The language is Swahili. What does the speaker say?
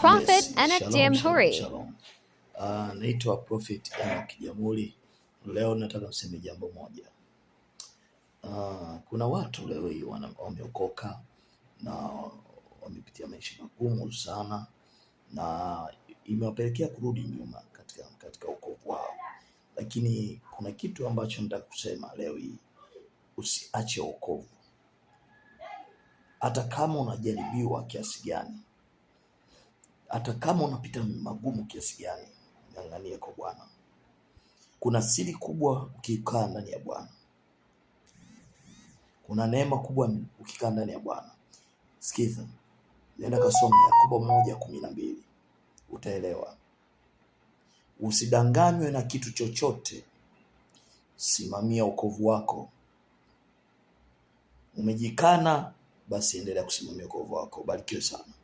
Prophet Enoch Jamhuri. Uh, naitwa Prophet Enoch Jamhuri. Leo nataka niseme jambo moja. Uh, kuna watu leo hii wameokoka na wamepitia maisha magumu sana na imewapelekea kurudi nyuma katika, katika ukovu wao, lakini kuna kitu ambacho nataka kusema leo hii, usiache wokovu hata kama unajaribiwa kiasi gani hata kama unapita magumu kiasi gani, ng'ang'ania kwa Bwana. Kuna siri kubwa ukikaa ndani ya Bwana, kuna neema kubwa ukikaa ndani ya Bwana. Sikiza, nenda kasome Yakobo moja kumi na mbili utaelewa. Usidanganywe na kitu chochote, simamia wokovu wako. Umejikana basi, endelea kusimamia wokovu wako. Barikiwe sana.